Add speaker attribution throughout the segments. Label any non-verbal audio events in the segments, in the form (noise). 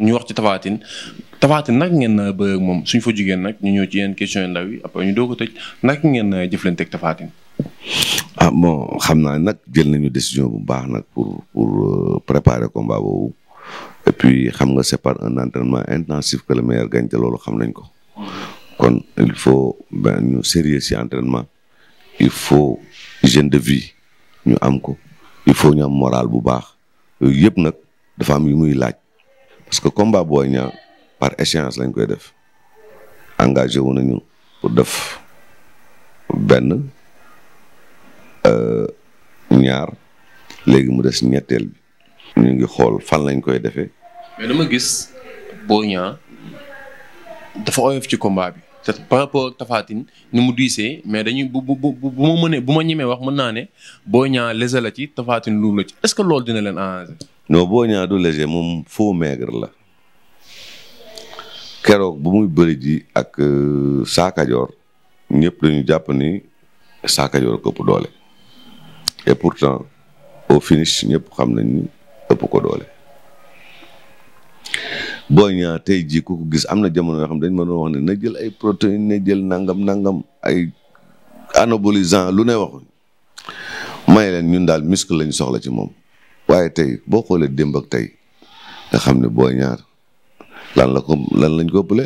Speaker 1: ñu wax ci Tapha Tine Tapha ngeen na bëgg moom suñ fa jigéen nag ñu ñëw ci yenn question yu ndaw yi après ñu doo ko tëj naka ngeen na jëflanteeg
Speaker 2: Tapha Tine ah bon xam naa nag jël nañu décision bu baax nag pour pour euh, préparer combat boobu et puis xam nga c'est par un entraînement intensif que le meilleur gagne te loolu xam nañ ko kon il faut ben ñu sérieux ci il faut hygiène de vie ñu am ko il faut ñu am bu baax yooyu yëpp nag dafa am yu muy laaj parce que combat Boy par échéance lañ koy def engagé wu nañu pour def benn euh, ñaar léegi mu des ñetteel bi ñu ngi xool fan lañ koy defee.
Speaker 1: mais dama gis boo Niang dafa oyof ci combat bi. te par rapport ak ni mu diisee mais dañuy bu bu bu bu ma mënee bu ma ñemee wax mën naa ne boo Niang léger la ci Tapha Tine la ci est-ce que loolu dina leen arranger.
Speaker 2: non boo ñaa du léger moom foo maigre la keroog bu muy bëri ji ak euh, saakajoor ñëpp lañu jàpp ni saakajoor ko ëpp doole et pourtant au finish ñëpp xam nañ ëpp ko doole boo ñaa tey jii ku gis am na jamono yoo xam dañ ma doon wax ne na jël ay protéines na jël nangam nangam ay anabolisant lu ne waxuñ may leen ñun daal muscle lañ soxla ci moom waaye tey boo xoolee démb ak tey nga xam ne booy ñaar lan la ko lan lañ ko ëppale.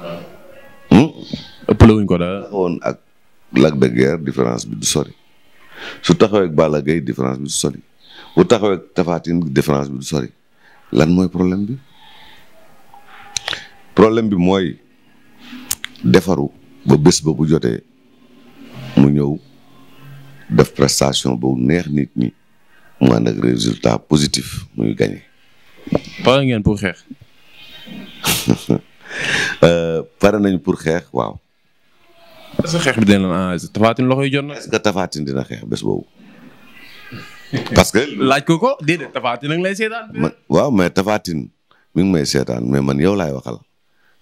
Speaker 2: Ah. Hmm? ëppale wuñ ko daal. woon ak Lac de Guiers différence bi du sori su taxawee ak Balla bi du sori bu taxawee ak différence bi sori lan mooy problème bi problème bi mooy defaru ba bés ba bu jotee mu ñëw def prestation bu neex nit ñi. mu ànd résultat positif muy gagné. pare ngeen pour xeex. (laughs) Euh, pare nañ pour xeex waaw. est bi dina la enregistré tafaatin loxo yi jot na. est-ce que tafaatin dina xeex bés boobu. parce que. (laughs) laaj ko ko déedéet
Speaker 1: tafaatin nag lay seetaan.
Speaker 2: waaw mais tafaatin mi ngi may seetaan mais man yow laay waxal.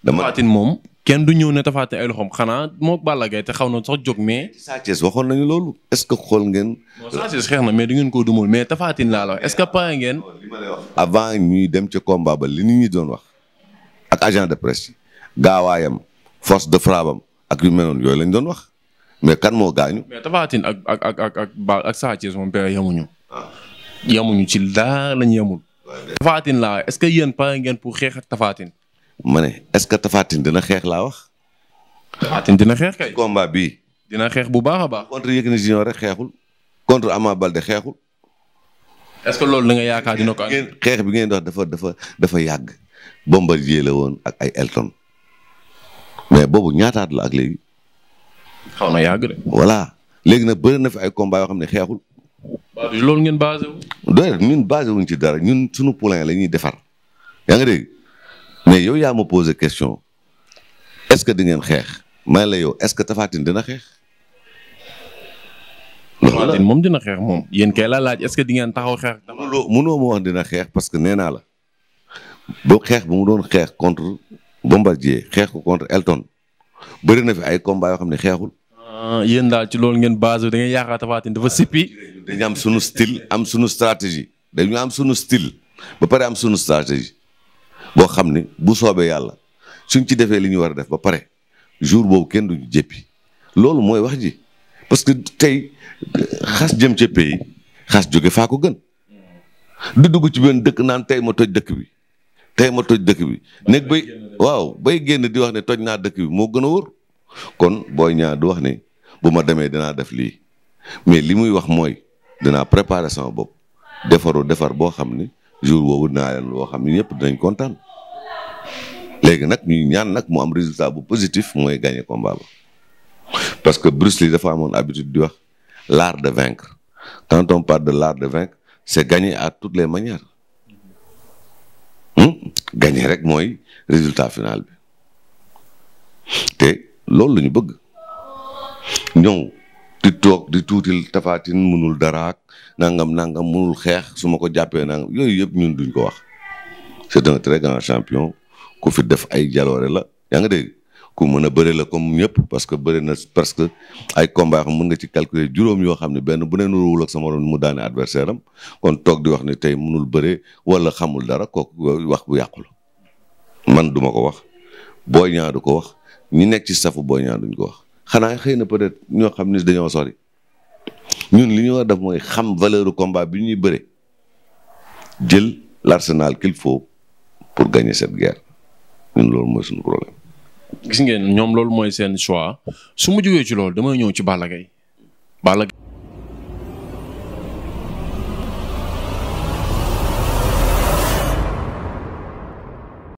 Speaker 2: dama tafaatin moom.
Speaker 1: kenn du ñëw ne Tapha Tine ay loxoom xanaa moo Balla Gaye te xaw na sax jog mais. Sa
Speaker 2: Thiès waxoon loolu est ce que xool ngeen.
Speaker 1: Sa Thiès xeex na mais du ngeen koo dumul mais Tapha Tine laa la wax est ce que pare ngeen.
Speaker 2: dem ca combat ba li nit ñi doon wax ak agent de presse gaawaayam force de frappe am ak yu yooyu lañ doon wax mais kan moo gaañu.
Speaker 1: mais Tapha ak Ba ak Sa Thiès moom père yemuñu. Ah. yemuñu ci laa lañ yemul. Tapha Tine laa est ce que yéen pare ngeen pour xeex ak Tapha
Speaker 2: ma ne est-ce que Tapha Tine dina xeex laa wax. Tapha dina xeex kay. combat bii. dina xeex bu baax a baax. contre Yékini Junior rek xeexul. contre Ama Balde xeexul. est-ce que loolu la nga yaakaar dina ko am. xeex bi ngeen dox dafa dafa dafa yàgg. Bombardier la woon ak ay Elton. mais boobu ñaataat la ak léegi. xaw na yàgg de. voilà léegi nag bëri na fi ay comba yoo xam ne xeexul.
Speaker 1: loolu ngeen basé
Speaker 2: wu. doy ci dara ñun suñu poulain la ñuy defar. yaa ngi dégg. mais yow yaa ma posé question est-ce que di ngeen xeex may la yow est-ce que Tapha Tine dina xeex. loolu moom dina xeex moom yéen kay la laaj est-ce que di ngeen taxaw xeex. mënoo mënoo ma wax dina xeex parce que nee naa la ba xeex bu mu doon xeex contre Bombardier xeex ko contre Elton bëri na fi ay combat yoo xam ne xeexul.
Speaker 1: Ah, yéen daal ci
Speaker 2: loolu ngeen base da ngeen yaakaar Tapha Tine dafa sippi. dañu am sunu style am sunu stratégie dañu am sunu style ba pare am sunu stratégie. boo xam ne bu soobee yàlla suñ ci defee li ñuy war a def ba pare jour boobu kenn duñu jëppi loolu mooy wax ji parce que tey xas jëm ca yi xas jóge faa ko gën du dugg ci benn dëkk naan tey ma toj dëkk bi tey ma toj dëkk bi nekk bay waaw bay génn di wax ne toj naa dëkk bi moo gën a wóor kon booy ñaar du wax ne bu ma demee dinaa def lii mais li muy wax mooy dinaa préparer sama bopp defaru defar boo xam ni jour boobu dinaa leen loo xam ne ñëpp dinañ kontaan léegi nag ñuy ñaan nag mu am résultat bu positif mooy gagné combat ba parce que Bruce Lee dafa amoon habitude di wax l'art de vaincre quand on parle de l'art de vaincre c'est gagner à toutes les manières hmm? gagner rek mooy résultat final bi te loolu la ñu bëgg ñëw di toog di tuutil tafaatin munul daraak nangam nangam munul xeex su ma ko jàppee nangam yooyu yëpp ñun duñ ko wax c'est un très grand champion ku fi def ay jaloore la yaa nga dégg ku mën a bëri la comme yëpp parce que bëri na parce que ay combat xam mën nga ci calculer juróom yoo xam ne benn bu ne nuruwul ak sama morom mu daanee adversaire am kon toog di wax ne tey mënul bëre wala xamul dara kooku wax bu yàqu la man duma ko wax Boy Niang du ko wax ñi nekk ci safu Boy Niang ko wax xanaa xëy na peut-être ñoo xam ni dañoo sori ñun li ñu war def mooy xam valeur combat bi ñuy bëre jël l'arsenal qu'il faut pour gagner cette guerre ñun loolu mooy suñu problème.
Speaker 1: gis ngeen ñoom loolu mooy seen choix su ma jógee ci loolu damay ñëw ci Balla Gaye Balla Gaye